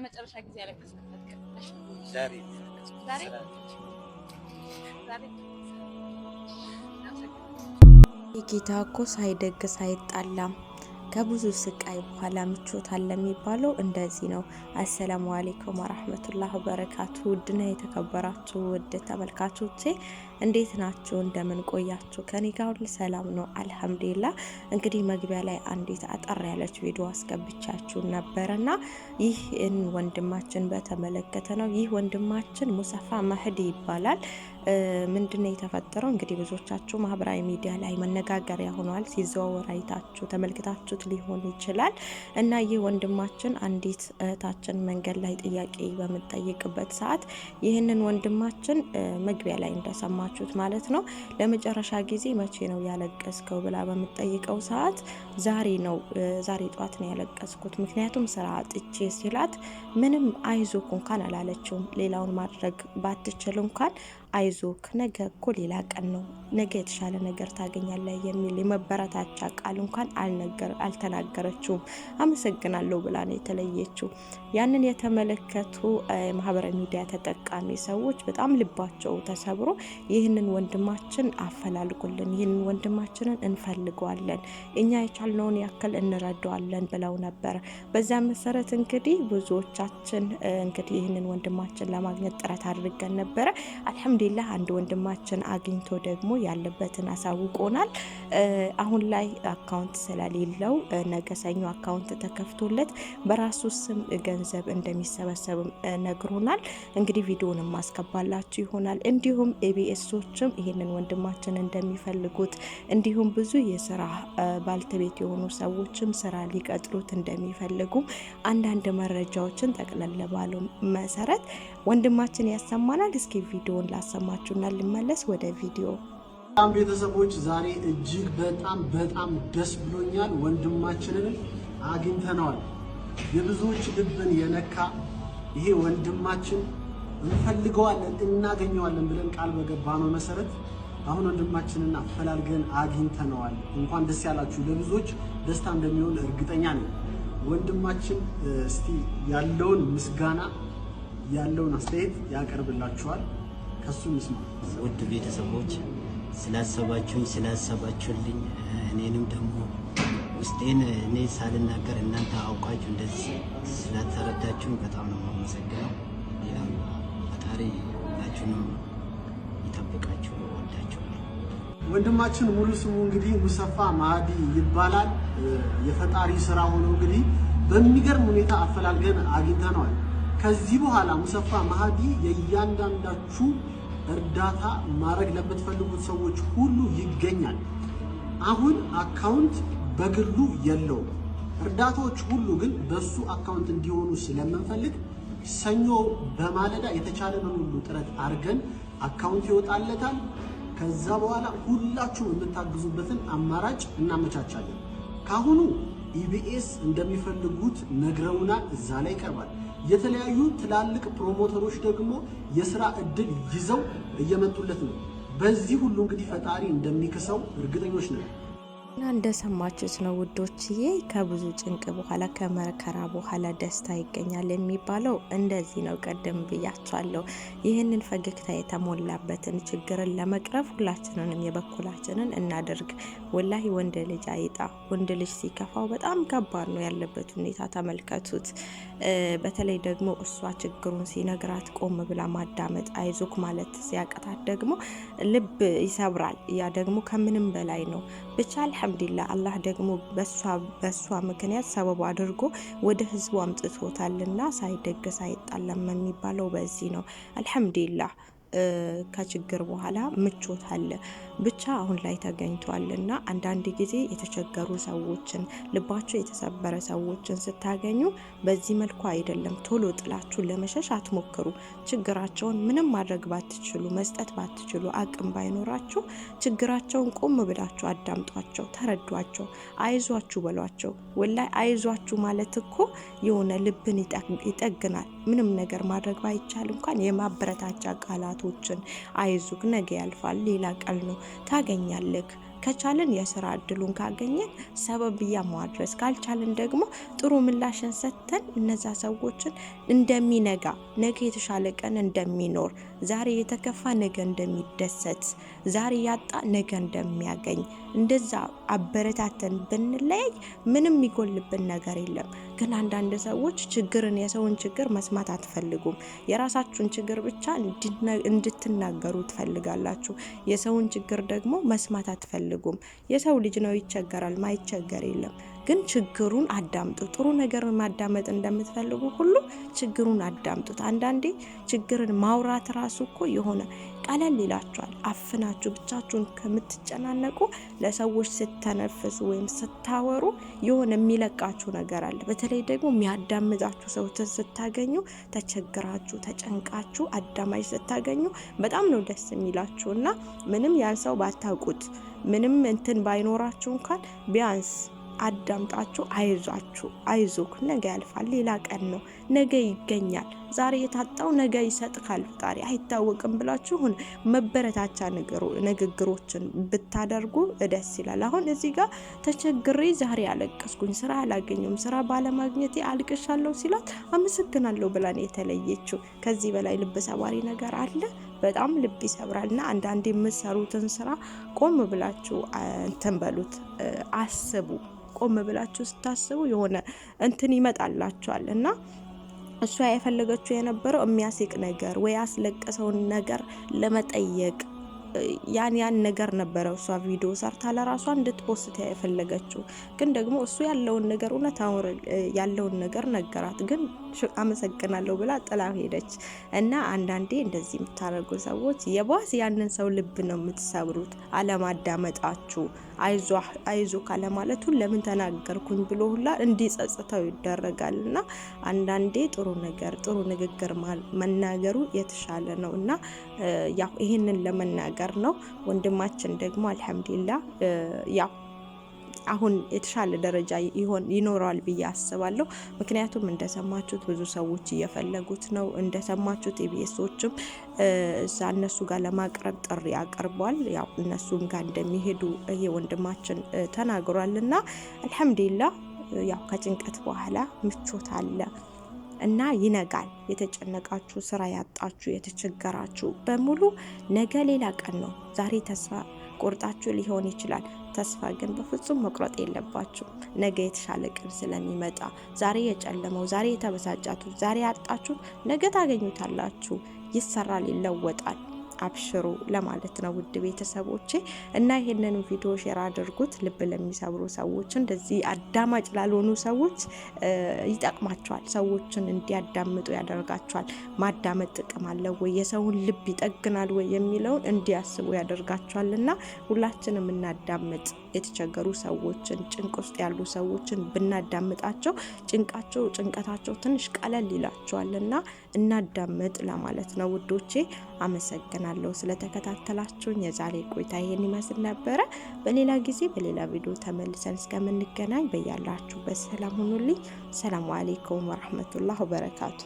ለመጨረሻ ጊዜ ያለቀስክበት ቀን ዛሬ ዛሬ ዛሬ የጌታ እኮ ሳይደግስ አይጣላም። ከብዙ ስቃይ በኋላ ምቾት አለ የሚባለው እንደዚህ ነው። አሰላሙ አሌይኩም ወራህመቱላህ በረካቱ። ውድና የተከበራችሁ ውድ ተመልካቾቼ እንዴት ናችሁ? እንደምን ቆያችሁ? ከኔ ጋር ሁሉ ሰላም ነው አልሐምዱሊላ። እንግዲህ መግቢያ ላይ አንዲት አጠር ያለች ቪዲዮ አስገብቻችሁ ነበረና ይህን ወንድማችን በተመለከተ ነው። ይህ ወንድማችን ሙሰፋ መህዲ ይባላል። ምንድነው የተፈጠረው? እንግዲህ ብዙዎቻችሁ ማህበራዊ ሚዲያ ላይ መነጋገሪያ ሆኗል። ሲዘዋወር አይታችሁ ተመልክታችሁ ያላችሁት ሊሆን ይችላል እና ይህ ወንድማችን አንዲት እህታችን መንገድ ላይ ጥያቄ በምጠይቅበት ሰዓት ይህንን ወንድማችን መግቢያ ላይ እንደሰማችሁት ማለት ነው ለመጨረሻ ጊዜ መቼ ነው ያለቀስከው ብላ በምጠይቀው ሰዓት ዛሬ ነው ዛሬ ጠዋት ነው ያለቀስኩት ምክንያቱም ስራ አጥቼ ሲላት ምንም አይዞ እንኳን አላለችውም ሌላውን ማድረግ ባትችል እንኳን አይዞክ ነገ እኮ ሌላ ቀን ነው፣ ነገ የተሻለ ነገር ታገኛለህ የሚል የመበረታቻ ቃል እንኳን አልተናገረችውም። አመሰግናለሁ ብላ ነው የተለየችው። ያንን የተመለከቱ ማህበራዊ ሚዲያ ተጠቃሚ ሰዎች በጣም ልባቸው ተሰብሮ ይህንን ወንድማችን አፈላልጉልን፣ ይህንን ወንድማችንን እንፈልገዋለን፣ እኛ የቻልነውን ያክል እንረዳዋለን ብለው ነበር። በዚያ መሰረት እንግዲህ ብዙዎቻችን እንግዲህ ይህንን ወንድማችን ለማግኘት ጥረት አድርገን ነበረ። አልሐምዱሊላህ አንድ ወንድማችን አግኝቶ ደግሞ ያለበትን አሳውቆናል። አሁን ላይ አካውንት ስለሌለው ነገ ሰኞ አካውንት ተከፍቶለት በራሱ ስም ገንዘብ እንደሚሰበሰብ ነግሮናል። እንግዲህ ቪዲዮን ማስገባላችሁ ይሆናል። እንዲሁም ኤቢኤሶችም ይህንን ወንድማችን እንደሚፈልጉት እንዲሁም ብዙ የስራ ባልተቤት የሆኑ ሰዎችም ስራ ሊቀጥሉት እንደሚፈልጉ አንዳንድ መረጃዎችን ጠቅለል ባለው መሰረት ወንድማችን ያሰማናል። እስኪ ቪዲዮን ላስ ላሰማችሁና ልመለስ ወደ ቪዲዮ። በጣም ቤተሰቦች ዛሬ እጅግ በጣም በጣም ደስ ብሎኛል። ወንድማችንን አግኝተነዋል። የብዙዎች ልብን የነካ ይሄ ወንድማችን እንፈልገዋለን እናገኘዋለን ብለን ቃል በገባነው መሰረት አሁን ወንድማችንን አፈላልገን አግኝተነዋል። እንኳን ደስ ያላችሁ። ለብዙዎች ደስታ እንደሚሆን እርግጠኛ ነኝ። ወንድማችን እስቲ ያለውን ምስጋና ያለውን አስተያየት ያቀርብላችኋል። ከሱ ምስማ ውድ ቤተሰቦች ስላሰባችሁኝ ስላሰባችሁልኝ እኔንም ደግሞ ውስጤን እኔ ሳልናገር እናንተ አውቃችሁ እንደዚህ ስላተረዳችሁኝ በጣም ነው የማመሰግነው። ሌላው ፈጣሪ ሁላችሁንም ይጠብቃችሁ። ወዳችሁ ወንድማችን ሙሉ ስሙ እንግዲህ ሙሰፋ ማህዲ ይባላል። የፈጣሪ ስራ ሆኖ እንግዲህ በሚገርም ሁኔታ አፈላልገን አግኝተነዋል። ከዚህ በኋላ ሙሰፋ ማህዲ የእያንዳንዳችሁ እርዳታ ማድረግ ለምትፈልጉት ሰዎች ሁሉ ይገኛል። አሁን አካውንት በግሉ የለውም። እርዳታዎች ሁሉ ግን በሱ አካውንት እንዲሆኑ ስለምንፈልግ ሰኞ በማለዳ የተቻለንን ሁሉ ጥረት አድርገን አካውንት ይወጣለታል። ከዛ በኋላ ሁላችሁም የምታግዙበትን አማራጭ እናመቻቻለን ካሁኑ ኢቢኤስ እንደሚፈልጉት ነግረውና እዛ ላይ ይቀርባል። የተለያዩ ትላልቅ ፕሮሞተሮች ደግሞ የስራ እድል ይዘው እየመጡለት ነው። በዚህ ሁሉ እንግዲህ ፈጣሪ እንደሚክሰው እርግጠኞች ነን። እና እንደሰማችሁት ነው ውዶችዬ፣ ከብዙ ጭንቅ በኋላ ከመከራ በኋላ ደስታ ይገኛል የሚባለው እንደዚህ ነው። ቀደም ብያችኋለሁ። ይህንን ፈገግታ የተሞላበትን ችግርን ለመቅረፍ ሁላችንንም የበኩላችንን እናደርግ። ወላሂ ወንድ ልጅ አይጣ። ወንድ ልጅ ሲከፋው በጣም ከባድ ነው ያለበት ሁኔታ ተመልከቱት። በተለይ ደግሞ እሷ ችግሩን ሲነግራት ቆም ብላ ማዳመጥ አይዞክ ማለት ሲያቀታት ደግሞ ልብ ይሰብራል። ያ ደግሞ ከምንም በላይ ነው። ብቻ አልሐምዱሊላ አላህ ደግሞ በሷ ምክንያት ሰበቡ አድርጎ ወደ ህዝቡ አምጥቶታልና ሳይደገስ አይጣለም የሚባለው በዚህ ነው። አልሐምዱሊላ ከችግር በኋላ ምቾት አለ ብቻ አሁን ላይ ተገኝቷል እና አንዳንድ ጊዜ የተቸገሩ ሰዎችን ልባቸው የተሰበረ ሰዎችን ስታገኙ በዚህ መልኩ አይደለም ቶሎ ጥላችሁ ለመሸሽ አትሞክሩ። ችግራቸውን ምንም ማድረግ ባትችሉ፣ መስጠት ባትችሉ፣ አቅም ባይኖራችሁ ችግራቸውን ቆም ብላችሁ አዳምጧቸው፣ ተረዷቸው፣ አይዟችሁ በሏቸው። ወላይ አይዟችሁ ማለት እኮ የሆነ ልብን ይጠግናል። ምንም ነገር ማድረግ ባይቻል እንኳን የማበረታቻ ቃላት ጠላቶችን አይዙክ፣ ነገ ያልፋል፣ ሌላ ቀን ነው ታገኛለክ ከቻልን የስራ እድሉን ካገኘን ሰበብያ ማድረስ ካልቻልን ደግሞ ጥሩ ምላሽን ሰጥተን እነዛ ሰዎችን እንደሚነጋ ነገ የተሻለ ቀን እንደሚኖር ዛሬ የተከፋ ነገ እንደሚደሰት ዛሬ ያጣ ነገ እንደሚያገኝ እንደዛ አበረታተን ብንለያይ ምንም የሚጎልብን ነገር የለም። ግን አንዳንድ ሰዎች ችግርን የሰውን ችግር መስማት አትፈልጉም። የራሳችሁን ችግር ብቻ እንድትናገሩ ትፈልጋላችሁ። የሰውን ችግር ደግሞ መስማት አትፈልጉም። የሰው ልጅ ነው፣ ይቸገራል። ማይቸገር የለም። ግን ችግሩን አዳምጡ። ጥሩ ነገር ማዳመጥ እንደምትፈልጉ ሁሉ ችግሩን አዳምጡት። አንዳንዴ ችግርን ማውራት ራሱ እኮ የሆነ ቀለል ይላችኋል። አፍናችሁ ብቻችሁን ከምትጨናነቁ ለሰዎች ስተነፍሱ ወይም ስታወሩ የሆነ የሚለቃችሁ ነገር አለ። በተለይ ደግሞ የሚያዳምጣችሁ ሰው ስታገኙ ተቸግራችሁ ተጨንቃችሁ አዳማጅ ስታገኙ በጣም ነው ደስ የሚላችሁ እና ምንም ያን ሰው ባታውቁት ምንም እንትን ባይኖራችሁ እንኳን ቢያንስ አዳምጣችሁ አይዟችሁ፣ አይዞክ ነገ ያልፋል፣ ሌላ ቀን ነው፣ ነገ ይገኛል፣ ዛሬ የታጣው ነገ ይሰጥካል ፈጣሪ አይታወቅም ብላችሁን መበረታቻ ንግግሮችን ብታደርጉ ደስ ይላል። አሁን እዚህ ጋር ተቸግሬ ዛሬ አለቀስኩኝ፣ ስራ አላገኘሁም፣ ስራ ባለማግኘቴ አልቅሻለሁ ሲላት አመሰግናለሁ ብላን የተለየችው። ከዚህ በላይ ልብ ሰባሪ ነገር አለ? በጣም ልብ ይሰብራል። እና አንዳንድ የምትሰሩትን ስራ ቆም ብላችሁ እንትን በሉት፣ አስቡ። ቆም ብላችሁ ስታስቡ የሆነ እንትን ይመጣላችኋል እና እሷ የፈለገችው የነበረው የሚያስቅ ነገር ወይ ያስለቀሰውን ነገር ለመጠየቅ ያን ያን ነገር ነበረ። እሷ ቪዲዮ ሰርታ ለራሷ እንድትፖስት የፈለገችው ግን ደግሞ እሱ ያለውን ነገር እውነት ያለውን ነገር ነገራት ግን አመሰግናለሁ ብላ ጥላ ሄደች። እና አንዳንዴ እንደዚህ የምታደርጉ ሰዎች የባስ ያንን ሰው ልብ ነው የምትሰብሩት። አለማዳመጣችሁ አይዞ ካለማለቱ ለምን ተናገርኩኝ ብሎ ሁላ እንዲጸጽተው ይደረጋል። እና አንዳንዴ ጥሩ ነገር ጥሩ ንግግር መናገሩ የተሻለ ነው እና ያው ይህንን ለመናገር ነው። ወንድማችን ደግሞ አልሐምዱሊላህ ያው አሁን የተሻለ ደረጃ ይሆን ይኖረዋል ብዬ አስባለሁ። ምክንያቱም እንደሰማችሁት ብዙ ሰዎች እየፈለጉት ነው። እንደሰማችሁት ኢቢኤሶችም እዛ እነሱ ጋር ለማቅረብ ጥሪ አቅርቧል። ያው እነሱም ጋር እንደሚሄዱ ይሄ ወንድማችን ተናግሯል እና አልሐምዱሊላ ያው ከጭንቀት በኋላ ምቾት አለ እና ይነጋል። የተጨነቃችሁ ስራ ያጣችሁ የተቸገራችሁ በሙሉ ነገ ሌላ ቀን ነው። ዛሬ ተስፋ ቆርጣችሁ ሊሆን ይችላል። ተስፋ ግን በፍጹም መቁረጥ የለባችሁ። ነገ የተሻለ ቀን ስለሚመጣ ዛሬ የጨለመው፣ ዛሬ የተበሳጫችሁ፣ ዛሬ ያጣችሁት ነገ ታገኙታላችሁ። ይሰራል፣ ይለወጣል። አብሽሩ ለማለት ነው ውድ ቤተሰቦቼ። እና ይሄንን ቪዲዮ ሼር አድርጉት። ልብ ለሚሰብሩ ሰዎች፣ እንደዚህ አዳማጭ ላልሆኑ ሰዎች ይጠቅማቸዋል። ሰዎችን እንዲያዳምጡ ያደርጋቸዋል። ማዳመጥ ጥቅም አለው ወይ፣ የሰውን ልብ ይጠግናል ወይ የሚለውን እንዲያስቡ ያደርጋቸዋል። እና ሁላችንም እናዳምጥ። የተቸገሩ ሰዎችን ጭንቅ ውስጥ ያሉ ሰዎችን ብናዳምጣቸው ጭንቃቸው ጭንቀታቸው ትንሽ ቀለል ይላቸዋል እና እናዳምጥ ለማለት ነው ውዶቼ። አመሰግናለሁ ስለተከታተላችሁኝ። የዛሬ ቆይታ ይሄን ይመስል ነበረ። በሌላ ጊዜ በሌላ ቪዲዮ ተመልሰን እስከምንገናኝ በያላችሁበት ሰላም ሁኑልኝ። ሰላሙ አሌይኩም ወረህመቱላህ ወበረካቱ።